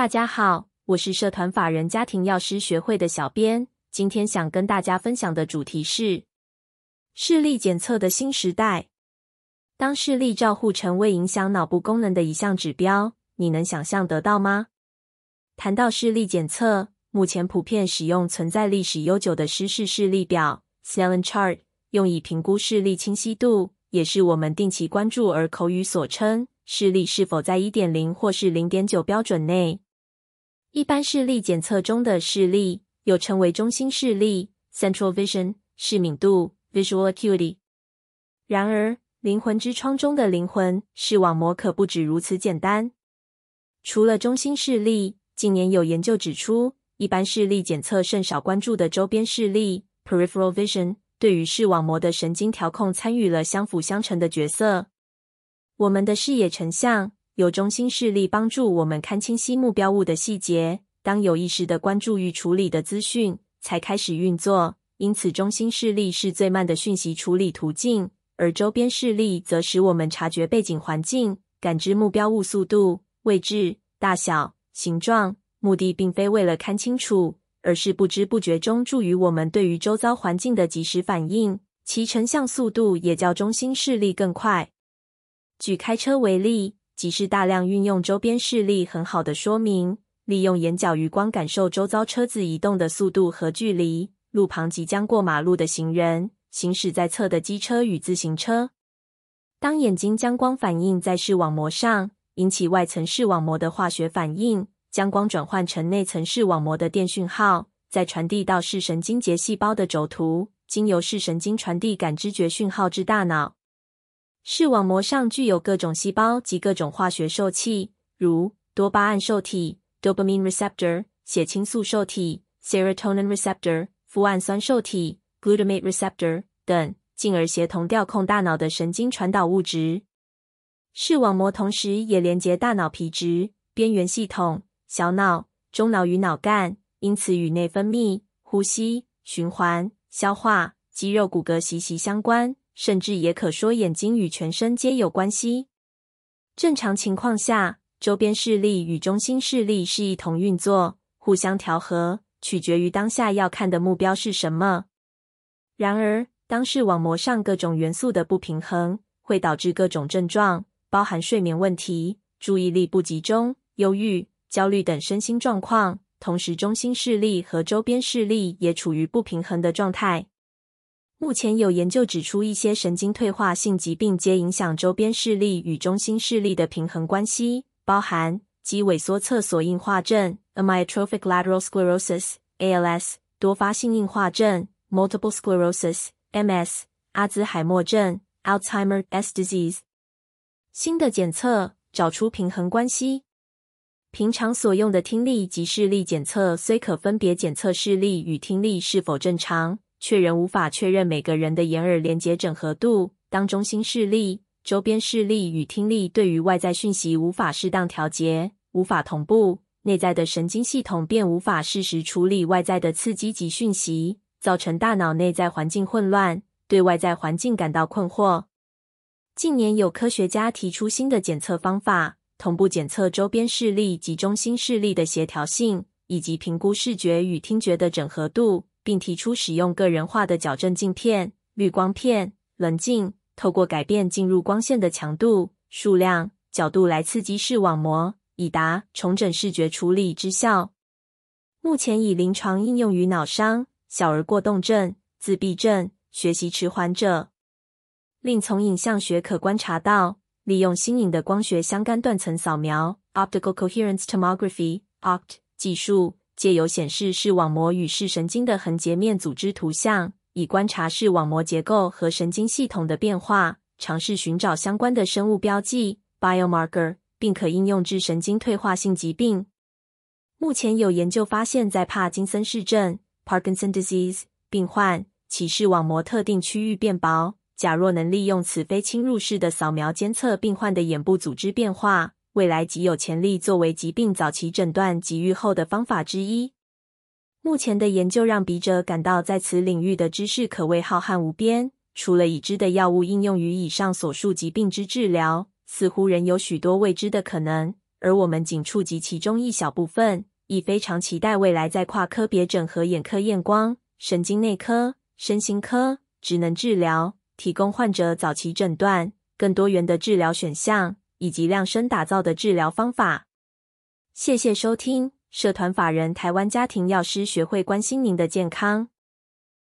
大家好，我是社團法人家庭藥師學會的小編。今天想跟大家分享的主題是視力檢測的新時代。當視力照護成為影響腦部功能的一項指標，你能想象得到嗎？談到視力檢測，目前普遍使用存在歷史悠久的斯氏視力表 s e l l e n Chart），用以評估視力清晰度，也是我們定期關注而口語所稱視力是否在一點零或是零點九標準內。一般視力檢測中的視力又稱為中心視力 （central vision） 視敏度 （visual acuity）。然而，靈魂之窗中的靈魂視網膜可不止如此簡單。除了中心視力，近年有研究指出，一般視力檢測甚少關注的周邊視力 （peripheral vision） 對於視網膜的神經調控參與了相輔相成的角色。我們的視野成像。有中心視力幫助我們看清晰目標物的細節，當有意識地關注與處理的資訊才開始運作。因此，中心視力是最慢的訊息處理途徑，而周邊視力則使我們察覺背景環境、感知目標物速度、位置、大小、形狀。目的並非為了看清楚，而是不知不覺中助於我們對於周遭環境的及時反應。其成像速度也較中心視力更快。舉開車為例。即是大量運用周邊視力很好的說明，利用眼角餘光感受周遭車子移動的速度和距離，路旁即將過馬路的行人，行駛在側的機車與自行車。當眼睛將光反映在視網膜上，引起外層視網膜的化學反應，將光轉換成內層視網膜的電訊號，再傳遞到視神經節細胞的軸突，經由視神經傳遞感知覺訊號至大腦。視網膜上具有各種細胞及各種化學受器，如多巴胺受體 （dopamine receptor）、血清素受體 （serotonin receptor）、谷氨酸受體 （glutamate receptor） 等，進而協同調控大腦的神經傳導物質。視網膜同時也連接大腦皮質、邊緣系統、小腦、中腦與腦幹，因此與內分泌、呼吸、循環、消化、肌肉骨骼息息相關。甚至也可說，眼睛與全身皆有關係。正常情況下，周邊視力與中心視力是一同運作、互相調和，取決於當下要看的目標是什麼。然而，當視網膜上各種元素的不平衡，會導致各種症狀，包含睡眠問題、注意力不集中、憂鬱、焦慮等身心狀況。同時，中心視力和周邊視力也處於不平衡的狀態。目前有研究指出，一些神經退化性疾病皆影響周邊視力與中心視力的平衡關係，包含肌萎縮側索硬化症 （Amyotrophic Lateral Sclerosis，ALS）、多發性硬化症 （Multiple Sclerosis，MS）、阿茲海默症 （Alzheimer's Disease）。新的檢測找出平衡關係。平常所用的聽力及視力檢測，雖可分別檢測視力與聽力是否正常。卻仍無法確認每個人的眼耳連結整合度。當中心視力、周邊視力與聽力對於外在訊息無法適當調節、無法同步，內在的神經系統便無法適時處理外在的刺激及訊息，造成大腦內在環境混亂，對外在環境感到困惑。近年有科學家提出新的檢測方法，同步檢測周邊視力及中心視力的協調性，以及評估視覺與聽覺的整合度。並提出使用個人化的矯正鏡片、濾光片、稜鏡，透過改變進入光線的強度、數量、角度來刺激視網膜，以達重整視覺處理之效。目前已臨床應用於腦傷、小兒過動症、自閉症、學習遲緩者。另從影像學可觀察到，利用新穎的光學相干斷層掃描 （Optical Coherence Tomography, OCT） 技術。借由顯示視網膜與視神經的橫截面組織圖像，以觀察視網膜結構和神經系統的變化，嘗試尋找相關的生物標記 （biomarker），並可應用至神經退化性疾病。目前有研究發現，在帕金森氏症 （Parkinson's disease） 病患，其視網膜特定區域變薄。假若能利用此非侵入式的掃描監測病患的眼部組織變化。未來極有潛力作為疾病早期診斷及預後的方法之一。目前的研究讓筆者感到，在此領域的知識可謂浩瀚無邊。除了已知的藥物應用於以上所述疾病之治療，似乎仍有許多未知的可能，而我們僅觸及其中一小部分。亦非常期待未來在跨科別整合眼科、驗光、神經內科、身心科、職能治療，提供患者早期診斷、更多元的治療選項。以及量身打造的治療方法。謝謝收聽，社團法人台灣家庭藥師學會關心您的健康。